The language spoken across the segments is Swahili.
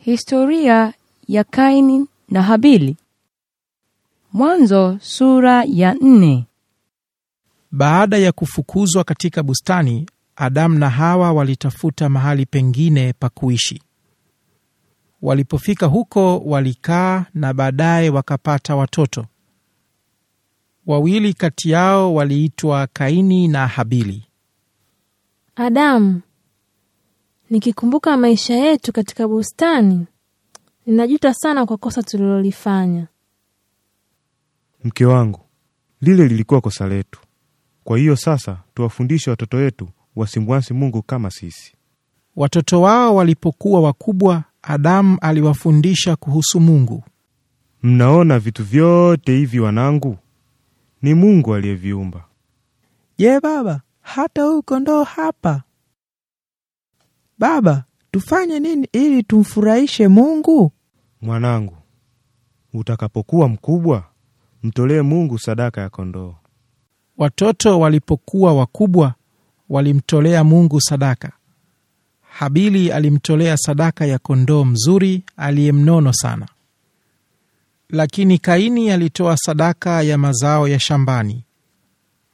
Historia ya Kaini na Habili. Mwanzo sura ya nne. Baada ya kufukuzwa katika bustani, Adamu na Hawa walitafuta mahali pengine pa kuishi. Walipofika huko walikaa na baadaye wakapata watoto. Wawili kati yao waliitwa Kaini na Habili. Adamu Nikikumbuka maisha yetu katika bustani, ninajuta sana kwa kosa tulilolifanya. Mke wangu, lile lilikuwa kosa letu. Kwa hiyo sasa tuwafundishe watoto wetu wasimwasi Mungu kama sisi. Watoto wao walipokuwa wakubwa, Adamu aliwafundisha kuhusu Mungu. Mnaona vitu vyote hivi wanangu, ni Mungu aliyeviumba. Je, baba, hata huyu kondoo hapa Baba, tufanye nini ili tumfurahishe Mungu? Mwanangu, utakapokuwa mkubwa, mtolee Mungu sadaka ya kondoo. Watoto walipokuwa wakubwa, walimtolea Mungu sadaka. Habili alimtolea sadaka ya kondoo mzuri aliyemnono sana, lakini Kaini alitoa sadaka ya mazao ya shambani.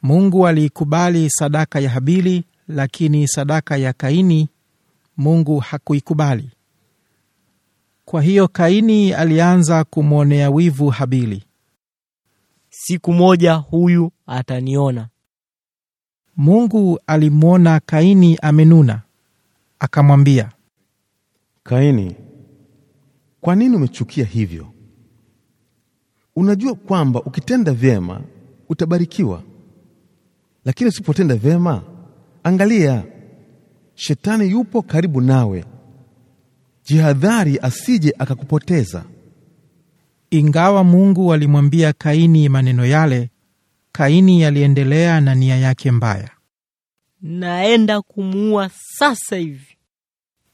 Mungu aliikubali sadaka ya Habili, lakini sadaka ya Kaini Mungu hakuikubali. Kwa hiyo Kaini alianza kumwonea wivu Habili. Siku moja huyu ataniona. Mungu alimwona Kaini amenuna, akamwambia, Kaini, kwa nini umechukia hivyo? Unajua kwamba ukitenda vyema utabarikiwa, lakini usipotenda vyema, angalia Shetani yupo karibu nawe, jihadhari asije akakupoteza. Ingawa Mungu alimwambia Kaini maneno yale, Kaini aliendelea na nia yake mbaya. Naenda kumuua sasa hivi.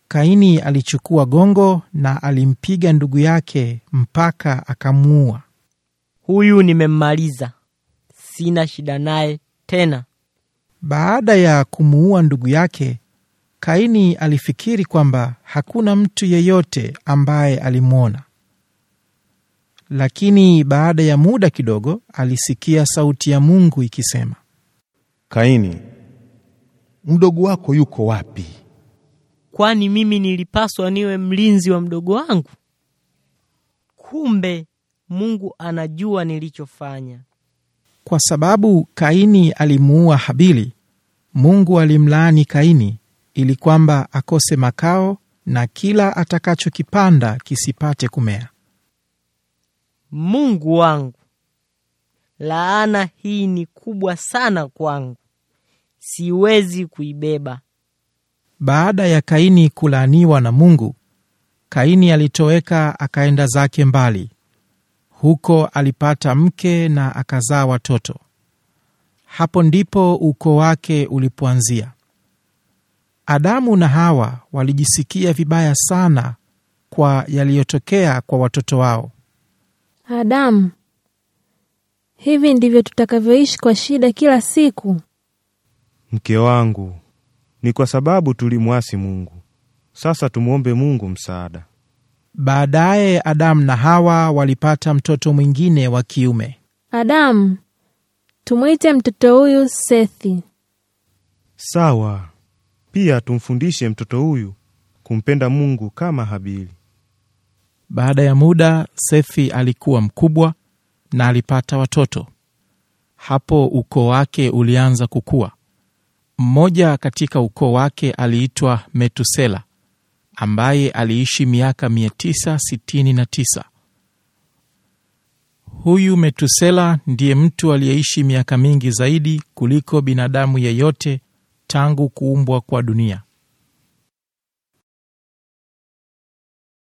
Kaini alichukua gongo na alimpiga ndugu yake mpaka akamuua. Huyu nimemmaliza, sina shida naye tena. Baada ya kumuua ndugu yake, Kaini alifikiri kwamba hakuna mtu yeyote ambaye alimwona, lakini baada ya muda kidogo alisikia sauti ya Mungu ikisema, Kaini, mdogo wako yuko wapi? Kwani mimi nilipaswa niwe mlinzi wa mdogo wangu? Kumbe Mungu anajua nilichofanya. Kwa sababu Kaini alimuua Habili, Mungu alimlaani Kaini ili kwamba akose makao na kila atakachokipanda kisipate kumea. Mungu wangu, laana hii ni kubwa sana kwangu, siwezi kuibeba. Baada ya Kaini kulaaniwa na Mungu, Kaini alitoweka akaenda zake mbali. Huko alipata mke na akazaa watoto. Hapo ndipo ukoo wake ulipoanzia. Adamu na Hawa walijisikia vibaya sana kwa yaliyotokea kwa watoto wao. Adamu, hivi ndivyo tutakavyoishi kwa shida kila siku. Mke wangu, ni kwa sababu tulimwasi Mungu. Sasa tumwombe Mungu msaada. Baadaye Adamu na Hawa walipata mtoto mwingine wa kiume. Adamu, tumwite mtoto huyu Sethi. Sawa. Pia tumfundishe mtoto huyu kumpenda Mungu kama Habili. Baada ya muda, sefi alikuwa mkubwa na alipata watoto. Hapo ukoo wake ulianza kukua. Mmoja katika ukoo wake aliitwa Metusela ambaye aliishi miaka 969. Huyu Metusela ndiye mtu aliyeishi miaka mingi zaidi kuliko binadamu yeyote tangu kuumbwa kwa dunia.